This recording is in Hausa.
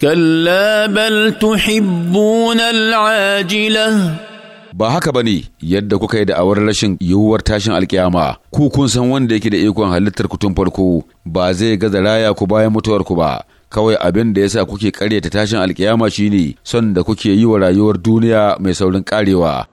كلا بل تحبون العاجلة ba haka ba ne yadda kuka yi da'awar rashin yiwuwar tashin alkiyama ku kun san wanda yake da ikon halittar kutun farko ba zai gaza raya ku bayan mutuwar ku ba kawai abin da yasa kuke karyata tashin alkiyama shine son da kuke yi wa rayuwar duniya mai saurin karewa